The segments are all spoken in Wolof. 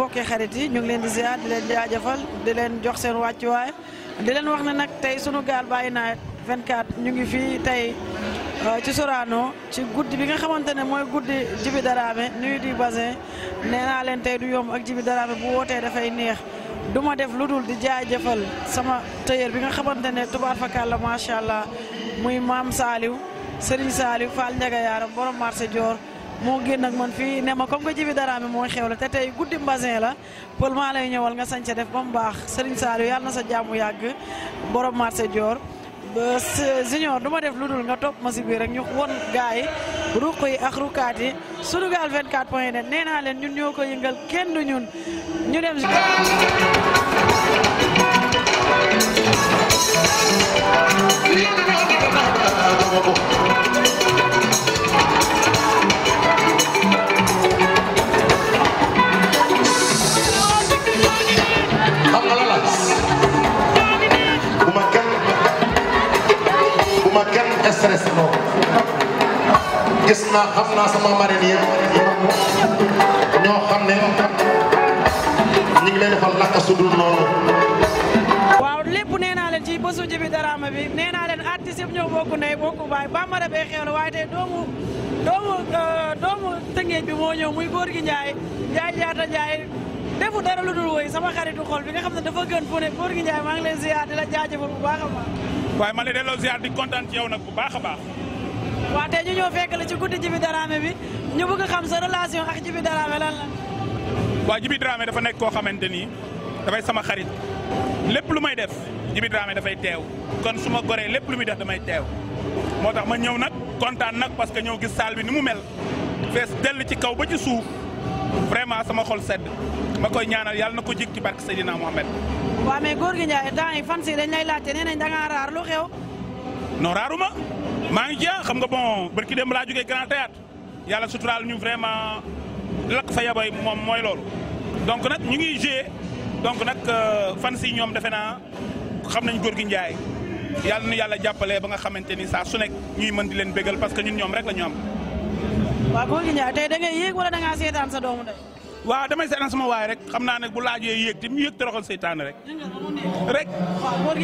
mbokki xarit yi ñu ngi leen di ziar di leen jaajëfal di leen jox seen wàccuwaay di leen wax na nag tey sunu gaal bàyyi nawet 24 ñu ngi fii tey euh, ci Sorano ci guddi bi nga xamante ne mooy guddi Djiby Dramé nuyu di basin nee naa leen tey du yomb ak Djiby Dramé bu wootee dafay neex du ma def lu dul di jaajëfal sama tëyër bi nga xamante ne tubaar fakal la macha allah muy maam Saliou Serigne Saliou Fall Ndiaga Yaaram borom marché Dior. moo génn ak man fii ne ma comme que jibi dara mi moo xew la te tey guddi mbasin la pël maa lay ñëwal nga sañse def ba mu baax Serigne Saliou yàlla na sa jàmm yàgg borom marché Dior ba junior du def lu dul nga topp ma si biir ak ñu won gars yi ruq yi ak ruqaat yi Sunugal nu point net nee leen ñun ñoo ko yëngal kenn du ñun ñu dem stress moom gis naa xam naa xam ne ñu ngi leen defal naka su dul noonu. waaw lépp nee naa leen ci bésu Djiby Drama bi nee naa leen artistes yëpp ñoo bokk ndey bokk baay bambara bee xew waaye tey doomu doomu euh, doomu tëngeej bi moo ñëw muy góor gi Ndiaye Ndiaye jaata Ndiaye. defu dara lu dul woy sama xaritu xol bi nga xam ne dafa gën fu ne góor gi Ndiaye maa ngi lay ziar di la jaajëfal bu baax a baax waaye ma lay delloo ziar di kontaan ci yow nag bu baax a baax. waaw tey ñu ñëw fekk la ci guddi Djiby Dramé bi ñu bëgg xam sa relation ak Djiby Dramé lan la. waaw Djiby Dramé dafa nekk koo xamante ni dafay sama xarit lépp lu may def Djiby dafay teew kon su ma goree lépp lu muy def damay teew moo tax ma ñëw nag kontaan nag parce que ñëw gis saal bi ni mu mel fees dell ci kaw ba ci suuf vraiment sama xol sedd ma koy ñaanal yàlla na ko jik ci barke Seydina Mohamed. waaw mais góor gi Ndiaye temps yi fan si dañ lay laajte nee nañ da ngaa raar lu xew. non raaruma maa ngi jeex xam nga bon barki dem laa jógee Grand Théâtre yàlla suturaal ñu vraiment lakk fa yabay moom mooy lool donc nag ñu ngi joué donc nag euh, fan si ñoom defe naa xam nañ góor gi Ndiaye yàlla nu yàlla jàppale ba nga xamante ni saa su nekk ñuy mën di leen bégal parce que ñun ñoom rek la ñoom waa waaw góor gi Ndiaye tey da ngay yéeg wala da ngaa seetaan sa doomu ndey waaw damay seetaan sama waay rek xam naa ne bu laajee yéeg te mu yéeg toroxal seytaane rek. rek. waaw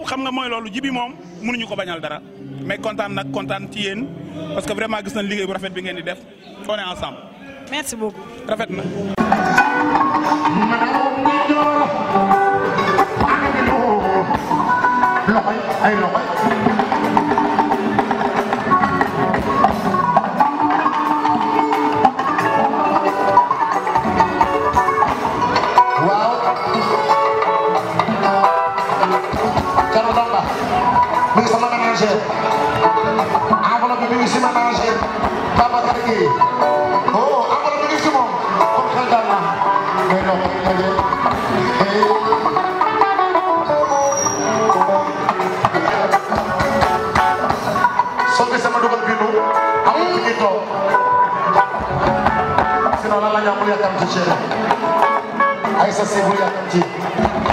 Mor xam nga mooy loolu jibi moom mënuñu ko bañal dara mais kontaan nag kontaan ci yéen parce que vraiment gis nañ liggéey bu rafet bi ngeen di def on est ensemble. rafet na. manager enveloppe bi mi ngi si manager Babacar Gueye oh enveloppe bi mi ngi si moom kon xel daal na ngay doon daje Sinon lan la ñu am bu yàkkam ci ay sa si bu yàkkam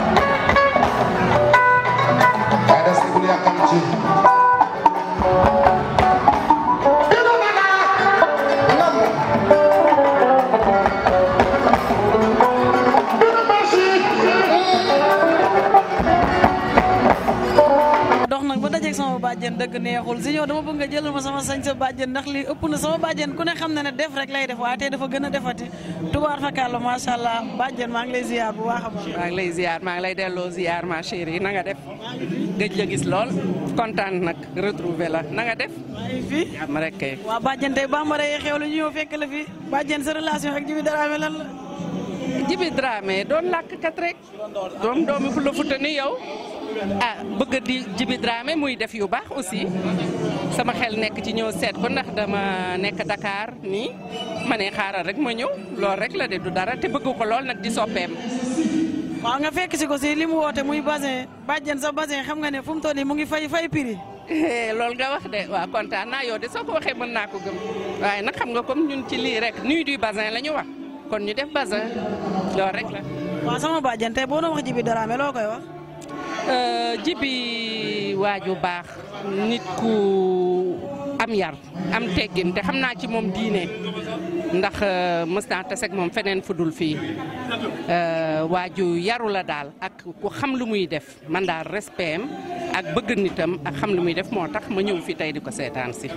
dëgg neexul si ñëw dama bëgg nga jëlal ma sama sañ sa bàjjen ndax li ëpp na sama bàjjen ku ne xam na ne def rek lay def waaye tey dafa gën a defati tubaar fakàlla macha allah bàjjen maa ngi lay ziar bu baax maa ngi lay ziar maa ngi lay delloo ziar ma chérie na nga def gëj la gis lool kontaan nag retrouver la na nga def. waaye fii jàmm rek kay. waaw bàjjen tey bambara yee xew la ñu ñëw fekk la fi bàjjen sa relation ak Djiby Dramé lan la. Djiby Dramé doon lakk kat rek. doom doomi fu la yow. ah bëgg di Djiby Dramé muy def yu baax aussi sama xel nekk ci ñëw seet ko ndax dama nekk dakaar nii ma ne xaaral rek ma ñëw loolu rek la de du dara te bëgg ko lool nag di soppeem. waaw nga fekk si ko si li mu woote muy basin bàjjen sa basin xam nga ne fu mu toll mu ngi fay fay prix. Eh, loolu nga wax de waaw kontaan naa yow de soo ko waxee mën naa ko gëm waaye nag xam nga comme ñun ci lii rek nuit du basin la ñu wax kon ñu def basin loolu rek la. waaw sama Euh, jibi waaju baax nit ku am yar am teggin te xam naa ci moom diine ndax euh, mës naa taseeg moom feneen fu dul fii euh, waa ju yaru la daal ak xam lu muy def man daal respect am ak bëgg nitam ak xam lu muy def moo tax ma ñëw fi tey di ko seetaan si.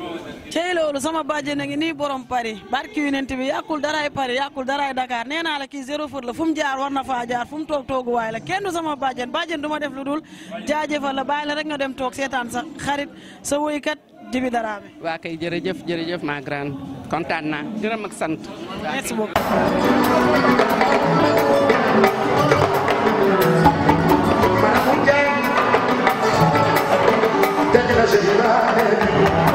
tey loolu sama bàjjen na ngi nii borom Paris barki yonent bi yàqul daraay Paris yàqul daraay Dakar nee naa la kii zéro faute la fu mu jaar war na faa jaar fu mu toog toogu waay la kenn du sama bàjjen bàjjen du ma def lu dul jaajëfal la bàyyi la rek nga dem toog seetaan sa xarit sa woykat. Djiby Dramé. waa kay jërëjëf jërëjëf ma grande kontaan gërëm ak sant. merci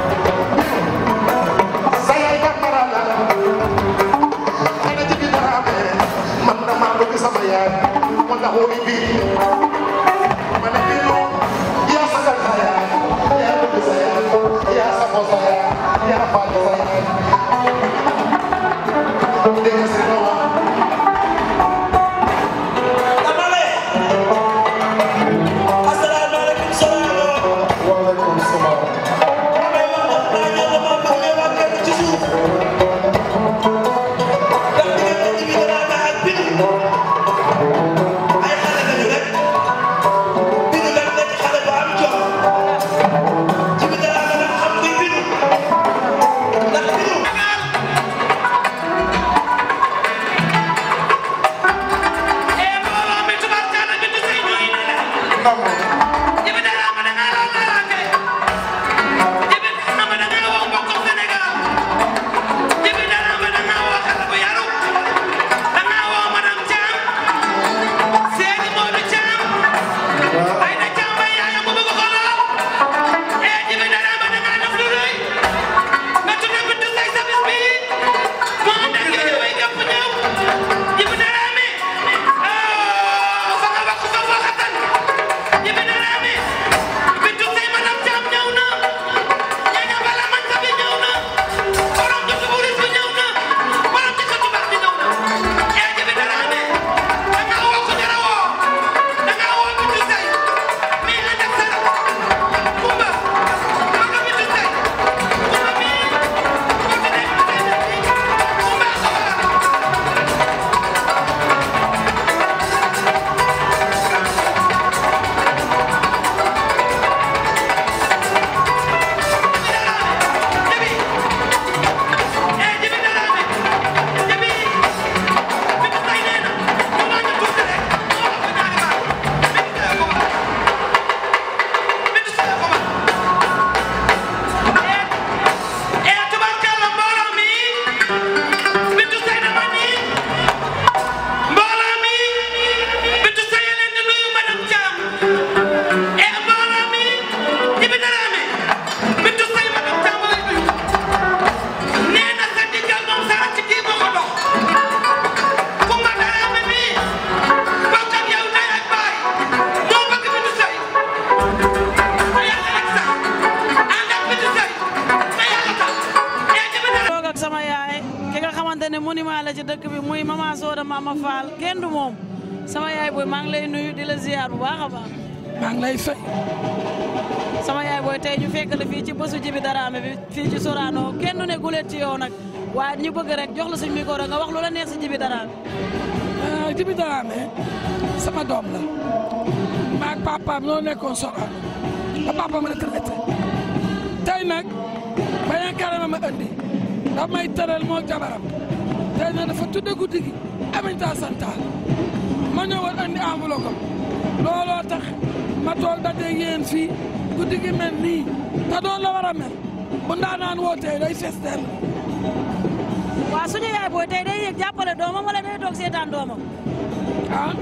baax a maa ngi lay sama yaay booy tey ñu fekk la fii ci bésu Djiby Dramé bi ci kenn du ne guleet ci yow nag waaye ñu bëgg rek jox nga wax lu la neex si Djiby Dramé. Djiby euh, Dramé sama doom la maa ak papaam ñoo nekkoon Sorano ba papaam retraité tey nag bañ a karama ma andi daf may tëral moo jabaram tey nag dafa tudde guddi gi Aminta Santal ma ñëwoon andi enveloppe looloo tax ma tool dajeeg yéen fii guddi gi mel nii doon la war a mel bu ndaanaan day festeel waaw suñu yaay booy tey day yéeg jàppale doomam wala day toog seetaan doomam ah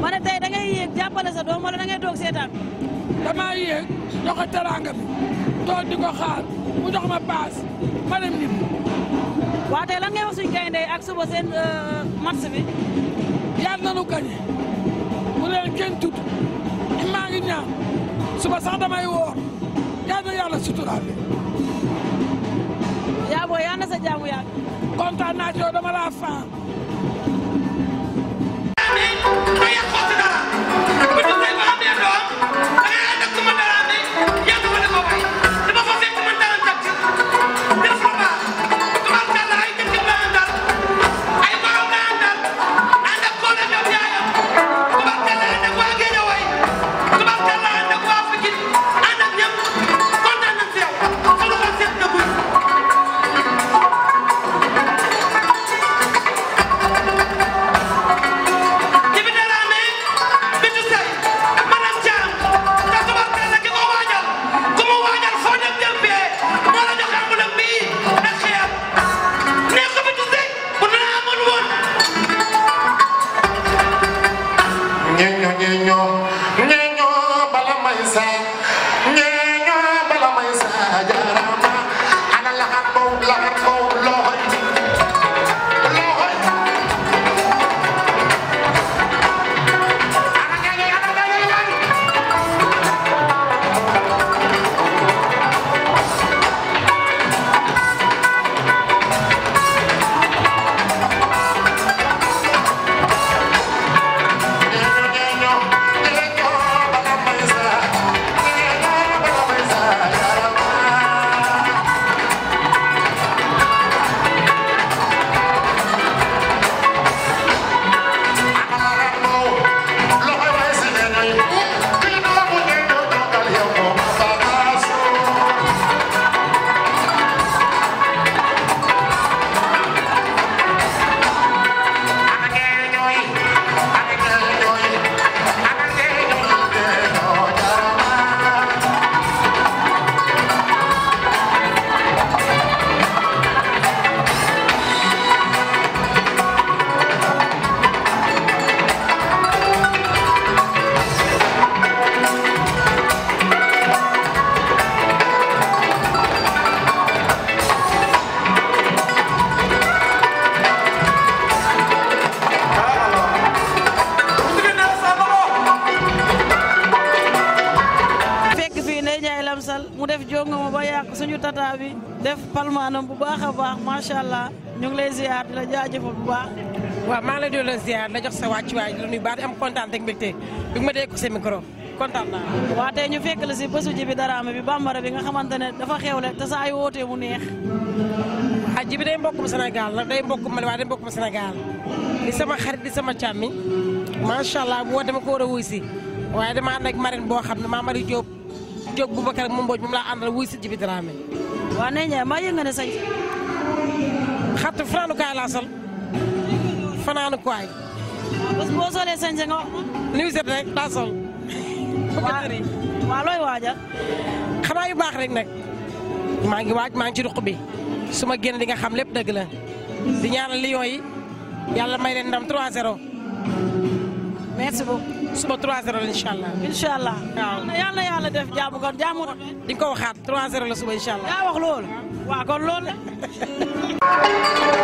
ma tey da ngay yéeg sa doom wala da ngay toog seetaan damaa yéeg joxe teraanga bi di ko xaar mu jox paas ma dem nit waaw tey lan ngay wax suñu gaynde ak suba seen euh, match bi yàlla na nu leen kenn tudd maa ngi ñaan suba sax damay woor yal na yàlla suturaal leen. yaa booy yaa na sa jaamu yàgg. kontaan naa ci dama laa faan. nga ma suñu tata bi def palmaanam bu baax a baax macha allah ñu ngi lay ziar di la jaajëfal bu baax. waaw maa ngi lay doon ziar la jox sa wàccuwaay di la nuyu baax di am kontaan ak mbégte bi ma dégg ko sa micro. kontaan naa waaw tey ñu fekk la si bésu ji bi daraame bi bambara bi nga xamante ne dafa xewle te saa yu wootee mu neex. ah ji bi day mbokkum Sénégal nag day mbokkum ma waaye day mbokkum Sénégal di sama xarit di sama càmmi macha allah boo dama ko war a wuy si waaye dama ànd ak marine boo xam ne maa Marie Diop Diop Boubacar ak Mame Mbodj moom laa àndal wuy si Djiby Dramé. waaw Ndeye Ndiaye maa yëngu ne sañ xat fanaanu kaay laa sol fanaanu kaay. bés boo solee sañ nga wax ma. ni mu set rek laa sol. waaw looy waajal. xanaa yu baax rek nag maa ngi waaj maa ngi ci ruq bi su ma génn di nga xam lépp dëgg la di ñaanal Lions yi yàlla may leen ndam 3-0. merci suba 3h la incha allah. incha allah waaw yal na yàlla def jaamu kon jaamu. di nga ko waxaat 3h la suba incha allah. yaa wax loolu. waaw kon loolu la.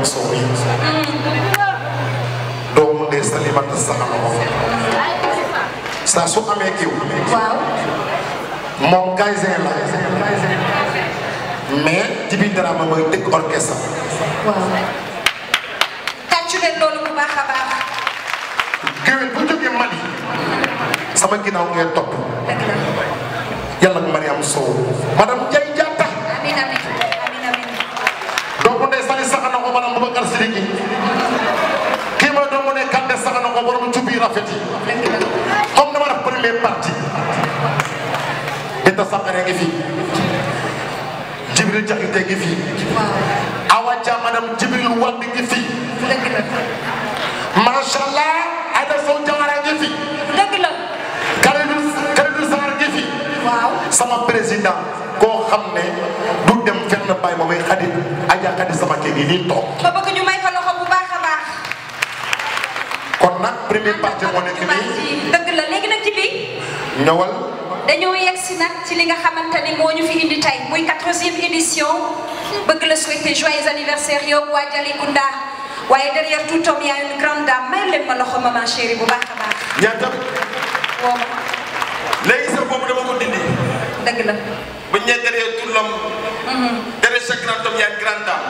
am soow yi doomu dee su amee kiw moom gaysin la mais Djiby Drama mooy dëkk orchestre waaw bu baax Mali sama ginnaaw ngeen topp yàlla Mariam Sow madame en fait comme dama premier parti Binta Sampere ngi fi Jibril Diakité ngi fi Awa Dia madame Jibril ngi fi macha allah Aïda Sow Diawara ngi fi. dëgg la. Kalidou ngi fi. sama président koo xam ne du dem fenn bàyyi ma may xarit Adja Khadi sama kër gi nii toog. ba bëgg ñu may ko loxo bu baax a kon nag. benn parti moo nekk nii. dëgg la léegi nag ci bi ñëwal. dañoo yegg si nag ci li nga xamante ni moo ñu fi indi tey muy quatorzième édition bëgg la souhaiter joyeux anniversaire yow waa Dialikounda waaye derrière tout homme y a une grande dame may leen ma loxo maman chérie bu baax a baax. ñaata. waaw. léegi sax boobu dama ko dindi. dëgg la. bu ñu nee derrière tout l'homme. Mm-hmm. derrière chaque grand homme y a une grande dame.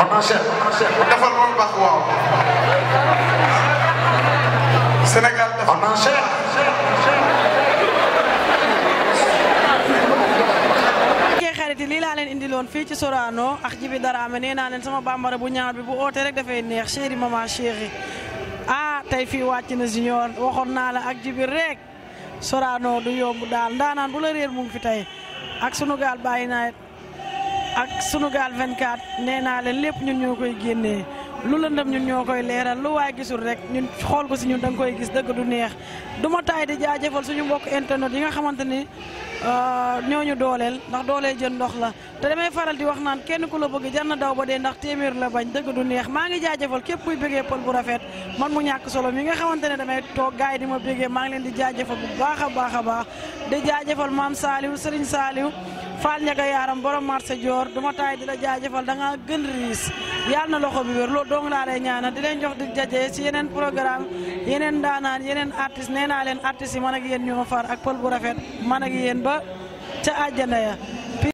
on enchaîne. defal ba mu baax waaw. Sénégal defal on enchaîne. xarit lii laa leen indiloon fii ci Sorano ak Djiby Dramé nee naa leen sama bambara bu ñaar bi bu oote rek dafay neex chéri maman chéri ah tey fii wàcc na junior waxoon naa la ak Djiby rek Sorano du yomb daal ndaanaan bu la réer mu ngi fi tey ak sunu gaal bàyyi naa ak Sunugal 24 nee naa leen lépp ñun ñoo koy génnee lu lëndëm ñun ñoo koy leeral lu waay gisul rek ñun xool ko si ñun danga koy gis dëgg du neex du ma taay di jaajëfal suñu mbokk internet yi nga xamante ni euh, ñoo ñu dooleel ndax dooleel jën ndox la te damay faral di wax naan kenn ku la bëgg jar na daw ba dee ndax téeméer la bañ dëgg du neex maa ngi jaajëfal képp kuy bëggee pël bu rafet man mu ñàkk solo mi nga xamante ne damay toog gars yi di ma bëggee maa ngi leen di jaajëfal bu baax a baax a baax di jaajëfal maam Saliou Serigne Saliou faal ñaga yaaram borom marché joor duma taay di la jaajëfal da gën riis yàlla na loxo bi wér loolu dong laa lay di leen jox di jaje ci yeneen programme yeneen daanaan yeneen artiste nee naa leen artistes yi man ak yéen ñoo far ak pël bu rafet man ak yéen ba ca àjjana ya